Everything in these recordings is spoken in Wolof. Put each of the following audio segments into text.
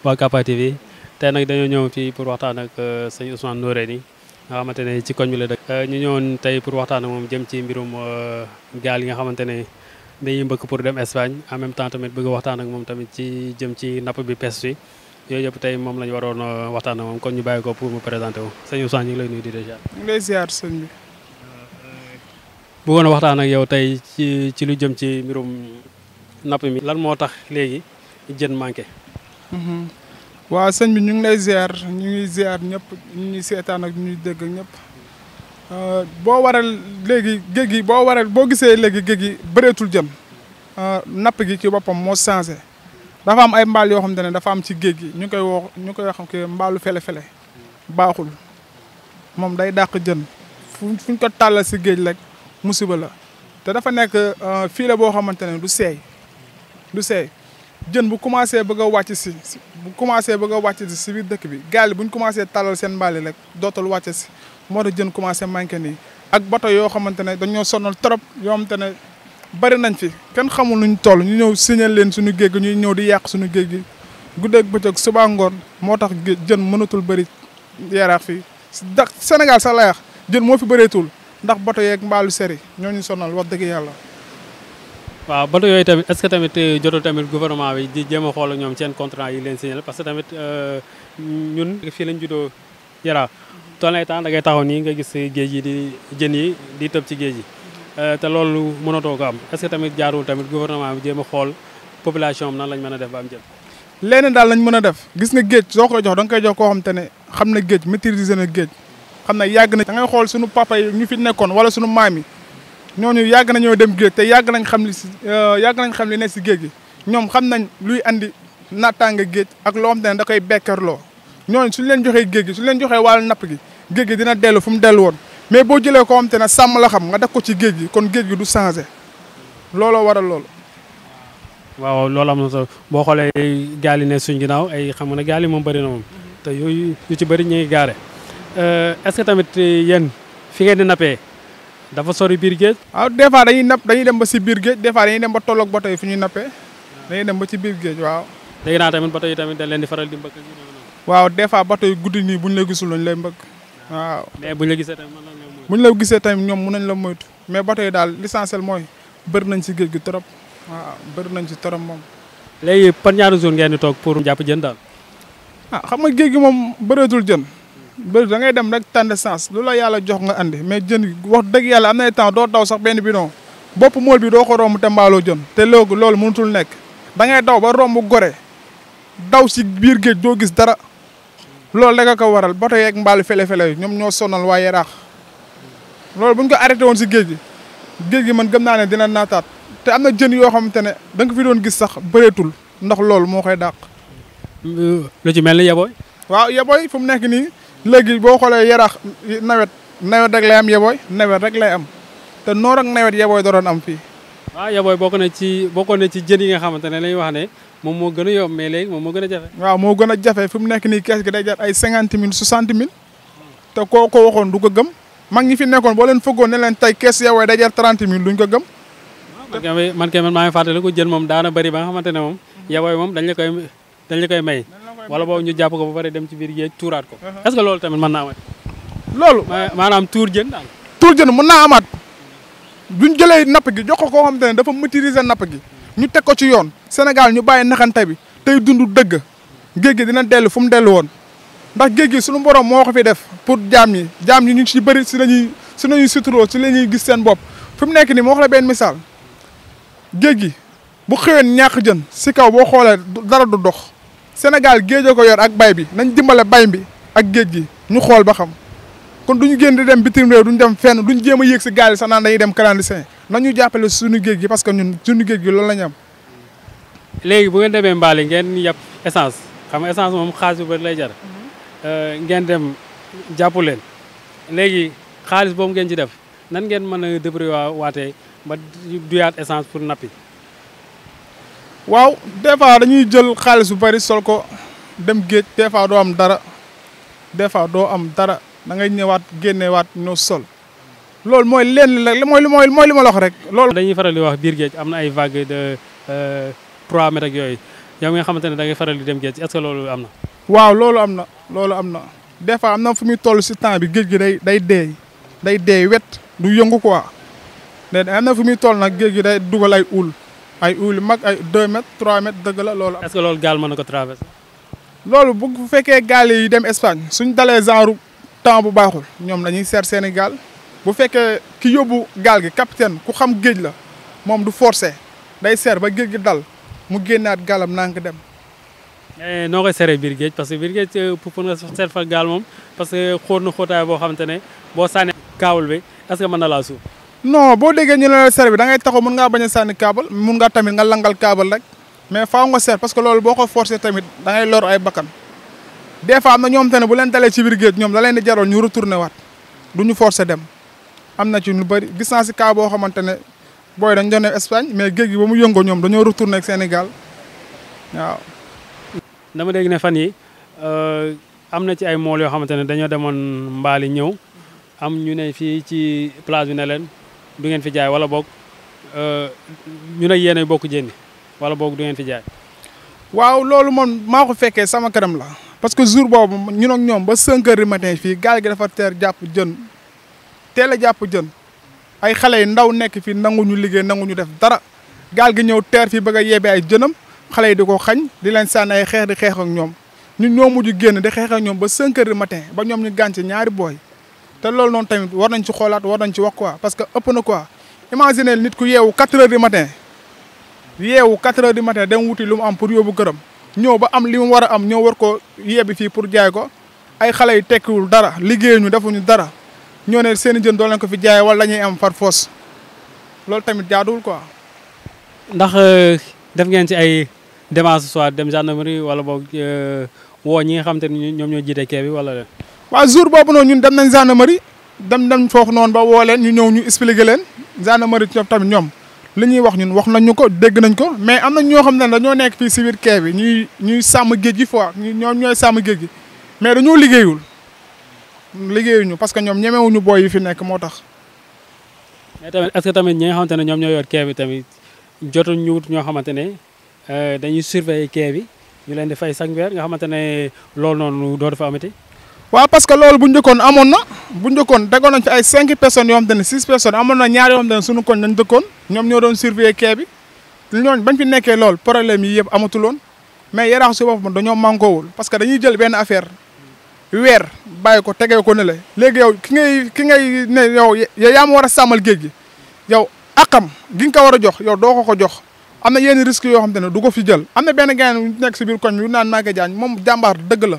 waa Capa bi tey nag dañoo ñëw fi pour waxtaan ak euh, sëñ Ousmane ni nga xamante ne ci koñ bi la dëkk. Euh, ñu ñëwoon tey pour waxtaan ak moom jëm ci mbirum euh, gaal yi nga xamante ne dañuy mbëkk pour dem Espagne en même temps tamit bëgg waxtaan ak moom tamit ci jëm ci napp bi pes bi yooyu yëpp tey moom la waroon waxtaan ak moom kon ñu bàyyi ko pour mu présenté wu sëñ ñu ngi di déjà. ñu ngi lay ziar sëñ bi. bëggoon waxtaan ak yow tey ci ci lu jëm ci mbirum napp mi. lan moo tax léegi jën manqué. Mm-hmm. waa sëñ bi ñu ngi lay ziar ñu ngi ziar ñëpp ñu ngi seetaan ak ñuy dégg ñëpp euh, boo waral léegi géej gi boo waral boo gisee léegi géej gi bëreetul jën euh, napp gi ci boppam moo changé dafa am ay mbaal yoo xam te ne dafa am ci géej gi ñu koy woo ñu koy wax mbaalu fele-fele baaxul moom day dàq jën fu fu ñu tàllal si géej rek siba la te dafa nekk euh, fii la boo xamante ne du seey du seey jën bu commencé bëgg a wàcc si bu commencé bëgg a wàcc si si biir dëkk bi gaal yi bu ñu commencé talal seen mbaali rek dootul wàcc si moo tax jën commencé manqué nii ak boto yoo xamante ne dañoo sonal trop yoo xamante ne bari nañ fi kenn xamul nuñ toll ñu ñëw signal leen suñu géej gi ñuy ñëw di yàq suñu géej gi guddeeg bëccëg suba ngoon moo tax jën mënatul bëri yaraax fii ndax Sénégal sax la jën moo fi bëreetul ndax boto yeeg mbaalu seri ñoo ñu sonal wax dëgg yàlla waaw bateau yooyu tamit est-ce que tamit euh, jotul tamit gouvernement bi di a xool ñoom seen contrat yi leen signé parce que tamit euh, ñun fii lañu juddoo Yara tool ay temps da ngay taxaw nii nga gis géej yi di jën yi di tëb ci géej yi euh, te loolu mënatoo ko am est-ce que tamit jaarul tamit gouvernement bi jéem a xool population am nan lañ mën a def ba am jën leneen daal lañ mën a def gis nga géej soo ko jox da nga koy jox koo xam te ne xam na géej maîtriser na géej xam na yàgg na da ngay xool suñu papa ñu fi nekkoon wala suñu maam yi ñooñu yàgg nañoo dem géej te yàgg nañ xam li si euh, yàgg nañ xam li ne si géej gi ñoom xam nañ luy andi nattaanga géej ak loo xam te ne da koy bekkarloo ñooñu suñ leen joxee géej gi suñ leen joxee wàllu napp gi géej gi dina dellu fu mu dellu woon mais boo jëlee ko xam te ne sàmm la xam nga def ko ci géej gi kon géej gi du changé looloo waral loolu. waaw loolu am na solo boo xoolee gaal yi ne suñ ginnaaw ay xam nga gaal yi moom bari na moom te yooyu yu ci bëri ñu ngi gaare euh, est tamit yéen fi ngeen di dafa sori biir géej. waaw ah, des fois dañuy napp dañuy dem ba si biir géej des fois dañuy dem ba tolloog ba yi fu ñuy nappee dañuy dem ba ci biir géej waaw. dégg naa tamit bato tamit dañ leen di faral di mbëkk. waaw des fois bato yu guddi nii buñ la gisul lañ lay mbëkk waaw. mais bu ñu gisee tamit mën nañ la moytu. buñ la gisee tamit ñoom mun nañ la moytu mais bato yi daal l'essentiel mooy bëri nañ si géej gi trop waaw bëri nañ si trop moom. léegi par ñaari jour ngeen di toog pour jàpp jën daal. ah xam nga géej gi moom bëreetul jën mbër da ngay dem rek tànn sens lu la yàlla jox nga andi mais jën yi wax dëgg yàlla am na ay temps doo daw sax benn bidon bopp mool bi doo ko romb te mbaaloo jën te loogu loolu mënutul nekk da ngay daw ba gore daw si biir géej doo gis dara loolu rek a ko waral bato yeeg mbaalu ñoom ñoo sonal waa Yaraax loolu buñ ko arrêté woon si géej gi géej gi man gëm naa ne dina naataat te am na jën yoo xamante ne danga fi doon gis sax bëreetul ndox loolu moo koy dàq. lu ci mel ni yeboy. waaw yeboy fu mu nekk nii. léegi boo xoolee yarax nawet nawet rek lay am yebooy nawet rek lay am te noor ak nawet yebooy doroon am fii. waaw yebooy bokk na ci bokkoon na ci jën yi nga xamante ne lañuy wax ne moom moo gën a yomb mais léegi moom moo gën a jafe. waaw moo gën a jafe fi mu nekk nii kees gi day jar ay cinquante mille soixante mille te koo ko waxoon du ko gëm mag ñi fi nekkoon boo leen fëggoon ne leen tey kees yebooy day jar trente mille duñ ko gëm. man kay man maa ngi fàttaliku jën moom daana bari ba nga xamante ne moom yebooy moom dañ la koy dañ la koy may. wala boobu ñu jàpp ko ba pare dem ci biir géej tuuraat ko uh-huh. est-ce loolu tamit mën naa amaat loolu maanaam tuur jën tuur jën mën naa amaat duñ jëlee napp gi jox ko koo xam te ne dafa maîtriser napp gi ñu teg ko ci yoon Sénégal ñu bàyyi naxante bi tey dund dëgg géej gi dina dellu fu mu dellu woon ndax géej gi suñu borom moo ko fi def pour jaam yi jaam yi ñu ci bëri si lañuy si lañuy suturoo si la ñuy gis seen bopp fi mu nekk ni moo wax la benn misaal géej gi bu xëyoon ñàkk jën si kaw boo xoolee dara du dox Sénégal géejoo ko yor ak bay bi nañ dimbale bay bi ak géej gi ñu xool ba xam kon du ñu géen di dem bitim réew duñu dem fenn duñu jéem a yéeg si gaal yi sax naan dañuy dem clandestin nañu jàppale suñu géej gi parce que ñun suñu géej gi loolu la ñu léegi bu ngeen demee mbaale ngeen yàpp essence xam nga essence moom xaalis bu bëri lay jar mhm. euh, ngeen dem jàpp leen léegi xaalis boobu ngeen ci def nan ngeen mën a waa waatee ba duyaat essence pour nappi. waaw des fois dañuy jël xaalis bu bari sol ko dem géej des fois doo am dara des fois doo am dara da ngay ñëwaat génnewaat ñoo sol loolu mooy lenn li mooy mooy mooy li ma la rek. loolu dañuy faral di wax biir géej am na ay vagues de euh, trois mètres ak yooyu yow nga xamante ne da faral di dem géej est-ce que loolu am na. waaw loolu am na loolu am na des fois am na fu muy toll si temps bi géej gi day day deey day deey wet du yëngu quoi mais am na fu muy toll nag géej gi day dugal ay ul ay uuli mag ay 2 mètres 3 mètres dëgg la loolu. est-ce loolu gaal mën na ko traverser. loolu bu fekkee gaal yi dem Espagne suñ dalee genre temps bu baaxul ñoom dañuy seet seeni gaal bu fekkee ki yóbbu gaal gi capitaine ku xam géej la moom du forcer day seet ba géej gi dal mu génnaat gaalam nank dem. mais noo koy seree biir géej parce que biir géej euh, pour nga seet fa gaal moom parce que xóot na xóotaay boo xamante ne boo sànnee kaawul bi est que mën na laa suuf. non boo déggee ñu la seer bi da ngay taxaw mun ngaa bañ a sànni kaabal mun ngaa tamit nga langal kaabal rek mais faaw nga seer parce que loolu boo ko forcé tamit da ngay lor ay bakkan des fois am na ñoom te ne bu leen dalee ci biir géej ñoom da leen di jaroon ñu du ñu forcé dem am na ci lu bëri gis naa si cas boo xamante ne booy dañ doon Espagne mais géej gi ba mu yëngoo ñoom dañoo retourné ak Sénégal waaw. dama dégg ne fan euh, am na ci ay mool yoo xamante ne dañoo demoon mbaali ñëw am ñu ne fii ci plage bi ne leen. du ngeen fi jaay wala boog euh, ñu ne yéen bokk jëndi wala boog du ngeen fi jaay. waaw loolu moom maa ko fekkee sama kanam la parce que jour boobu ñun ak ñoom ba sënkër heures du matin fii gaal gi dafa jàpp jën teel a jàpp jën ay xale yu ndaw nekk fii nangu liggéey nangu ñu def dara gaal gi ñëw teer fii bëgg a yeebe ay jënam xale yi di ko xañ di leen sànni ay xeex di xeex ak ñoom ñu ñoo mujj génn di xeex ak ñoom ba sënkër heures matin ba ñoom ñu gàncax ñaari booy. te loolu noonu tamit war nañ ci xoolaat war nañ ci wax quoi parce que ëpp na quoi imaginer nit ku yeewu 4 heures du matin yeewu 4 heures du matin dem wuti lu mu am pour yóbbu këram ñëw ba am li mu war a am ñëw war ko yebbi fii pour jaay ko ay xale yu tekkiwul dara liggéeyuñu defuñu dara ñoo ne seen i jën doo leen ko fi jaay wala dañuy am far foos loolu tamit jaaduwul quoi. ndax euh, def ngeen ci ay démarches soit dem gendarmerie wala boog euh, woo ñi nga xam te ne ñoom ñoo jiite kee bi wala. waaw jour boobu noonu ñun dem nañ mari dem dem foofu noonu ba woo leen ñu ñëw ñu expliquer leen gendarmerie ñoom tamit ñoom li ñuy wax ñun wax nañ ñu ko dégg nañ ko mais am na ñoo xam ne dañoo nekk fii si biir quai bi ñuy ñuy sàmm géej gi fois ñoom ñooy sàmm géej gi mais dañoo liggéeyul liggéeyuñu parce que ñoom ñemewuñu booy yi fi nekk moo tax. mais tamit est que tamit ñi nga xamante ne ñoom ñoo yor quai bi tamit jotuñ ñu wut ñoo xamante ne euh, dañuy surveiller quai bi ñu leen di fay chaque weer nga xamante ne loolu noonu doo dafa amati. waaw parce que loolu bu njëkkoon amoon na bu njëkkoon daggoon nañ fi ay cinq personnes yoo xam te amoon na ñaar yoo xam koñ dañ dëkkoon ñoom ñoo doon surveiller quai bi ñooñ bañ fi nekkee lool problème yi yëpp amatuloon mais yaraax si boppam dañoo mànkoowul parce que dañuy jël benn affaire weer bàyyi ko tegee ko ne la léegi yow ki ngay ki ngay ne yow yaa ma war a sàmmal géej gi yow akam gi nga ko war a jox yow doo ko ko jox am na yenn risques yoo xam te ne du ko fi jël am na benn gaañ nekk si biir koñ bi naan Maguette jaañ moom jàmbaar dëgg la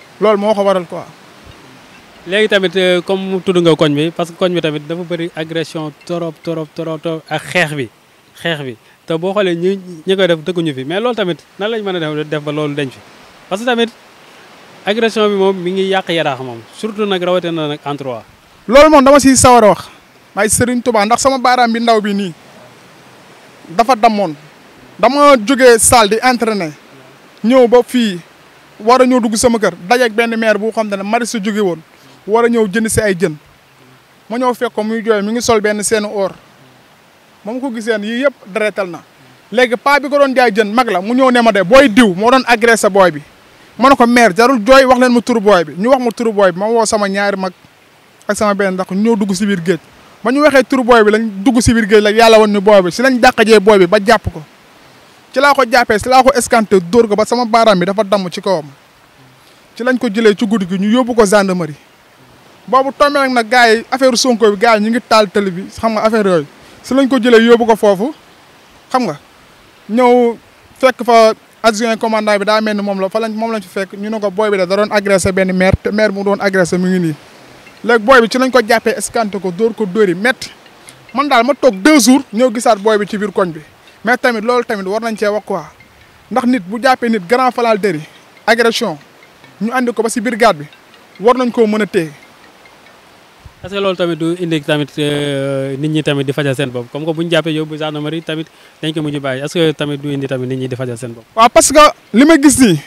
Lol, moo ko waral quoi. léegi tamit euh, comme tudd nga koñ bi parce que koñ bi tamit dafa bëri agression trop trop trop trop ak xeex bi xeex bi te boo xoolee ñi ñi koy def dëkkuñu fi mais loolu tamit nan lañ mën a def ba loolu denc fi parce que tamit agression bi moom mi ngi yàq yaraax moom surtout nag na nag en trois. loolu moom dama siy sawar wax may Serigne Touba ndax sama baaraam bi ndaw bi nii dafa dama salle di entraîner ñëw ba fi war a ñëw dugg sama kër dajeeg benn maire bu xam ne mari sa jóge woon war a ñëw jënd si ay jën ma ñëw fekk ko muy jooy mi ngi sol benn seen or ma ko giseen yii yëpp deretal na léegi paa bi ko doon jaay jën mag la mu ñëw ne ma de booy diw moo doon agressé booy bi ma ne ko meer jarul jooy wax leen ma turu booy bi ñu wax ma turu booy bi ma woo sama ñaari mag ak sama benn ndax ñu ñëw dugg si biir géej ba ñu waxee turu booy bi lañ dugg si biir géej la yàlla woon ni booy bi si lañ dàqajee booy bi ba jàpp ko ci laa ko jàppee si laa ko escanté dóor ko ba sama baaraam bi dafa damm ci kawam ci lañ ko jëlee ci guddi gi ñu yóbbu ko mari boobu tombé nag nag gars yi affaire Sonko gars ñu ngi taal télé bi xam nga affaire yooyu si lañ ko jëlee yóbbu ko foofu xam nga ñëw fekk fa adjoint commandant bi daa mel ni moom la fa lañ moom lañ fi fekk ñu ne ko booy bi da doon agressé benn maire te maire mu doon agressé mu ngi nii léegi booy bi ci lañ ko jàppee escanté ko dóor ko dóori métti man daal ma toog deux jours ñëw gisaat booy bi ci biir koñ bi mais tamit loolu tamit war nañ cee wax quoi ndax nit bu jàppee nit grand falal délit agression ñu andi ko ba si brigade bi war nañ koo mën a téye. est loolu tamit du indi tamit euh, nit ñi tamit di fajal seen bopp comme que bu ñu jàppee yóbbu gendarmerie tamit dañ ko mujj bàyyi est-ce tamit du indi nit ñi di fajal bopp. waaw parce que li ma gis nii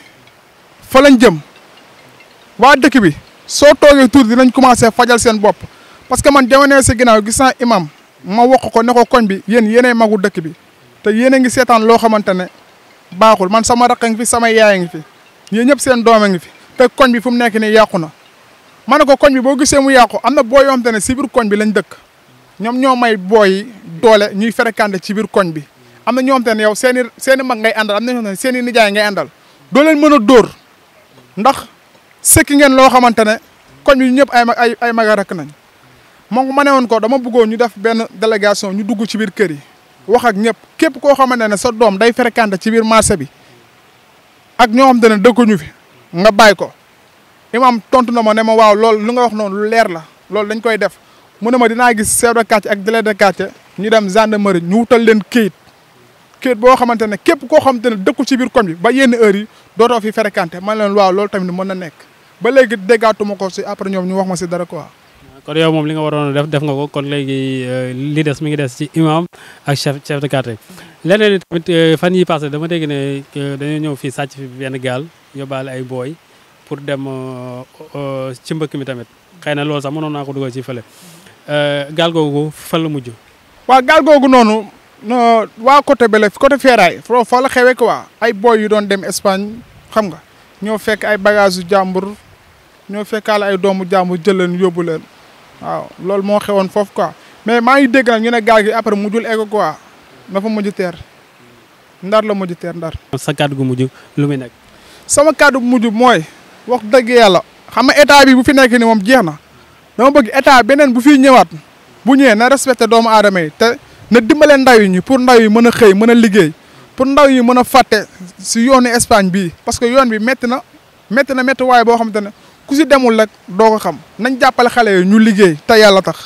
fa lañ jëm waa dëkk bi soo toogee tuuti dinañ commencé fajal seen bopp parce que man jamono si ginnaaw gis naa imam ma wax ko ne ko koñ bi yéen yéenay magu dëkk bi. te yéen a ngi seetaan loo xamante ne baaxul man sama rakk a ngi fi sama yaay a ngi fi yéen ñëpp seen doom a ngi fi te koñ bi fu mu nekk nii yàqu na. ma ne ko koñ bi boo gisee mu yàqu am na boo yoo xamante ne si biir bi lañ dëkk ñoom ñoo may booy doole ñuy fréquenté ci biir koñ bi am na ñoo xamante ne yow seen i seen mag ngay àndal am na ñoo xamante ne seen ngay àndal. doo mën a dóor ndax sëkki ngeen loo xamante ne koñ bi ñëpp ay ay ay mag a nañ moom ma ne woon ko dama bëggoon ñu def benn délégation ñu dugg ci biir kër yi wax ak ñëpp képp koo xamante ne sa doom day fréquenté ci biir marché bi ak ñoo xam te dëkkuñu fi nga bàyyi ko imaam tontu na ma ne ma waaw loolu lu nga wax noonu lu leer la loolu dañ koy def mu ne ma dinaa gis chef de quartier ak délégué de quartier ñu dem gendarmerie ñu wutal leen këyit këyit boo xamante ne képp koo xamante ne dëkku ci biir koñ bi ba yenn heures yi dootoo fi fréquenté man leen waaw loolu tamit mën na nekk ba léegi déggaatuma ko si après ñoom ñu wax ma si dara quoi kon yow moom li nga waroon a def def nga ko kon léegi euh, li des mi ngi des ci imam ak chef chef de quartier leneen tamit euh, fan yi passé dama dégg ne dañuy ñëw fii sàcc fi benn gaal yóbbaale ay booy pour dem euh, mbëkk mi tamit xëy na loolu sax mënoon naa ko dugal ci fële gaal googu fan la mujj. waaw gaal googu noonu non waa côté Bélé côté Feeraay foofu fa la xewee quoi ay booy yu doon dem Espagne xam nga ñoo fekk ay bagages yu jàmbur ñoo fekkaale ay doomu jàmbur jël leen yóbbu leen. waaw loolu moo xewoon foofu quoi mais maa ngi déggal ñu ne gaal gi après mujjul egg quoi na fa mujj teer ndar la mujj teer ndar. sa kàddu gu mujj lu muy nekk. sama kàddu bu mujj mooy wax dëgg yàlla xam nga état bi bu fi nekk ni moom jeex na dama bëgg état beneen bu fiy ñëwaat bu ñëwee na respecté doomu aadama yi te na dimbalee ndaw yi ñu pour ndaw yi mën a xëy mën a liggéey pour ndaw yi mën a fàtte si yoonu Espagne bi parce que yoon bi métti na métti na métti boo xamante ne. ku si demul rek doo ko xam nañ jàppale xale yi ñu liggéey te yàlla tax.